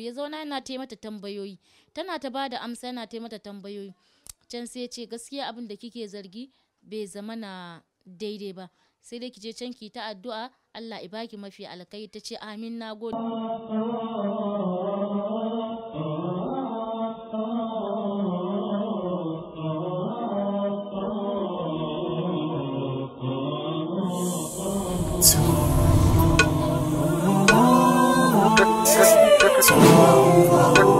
ya zauna yana ta mata tambayoyi tana ta bada amsa yana ta mata tambayoyi can sai ce gaskiya abin da kike zargi bai zama na daidai ba sai dai ki je can ki ta addu'a Allah ya baki mafi alkai ta ce amin oh, oh, oh, oh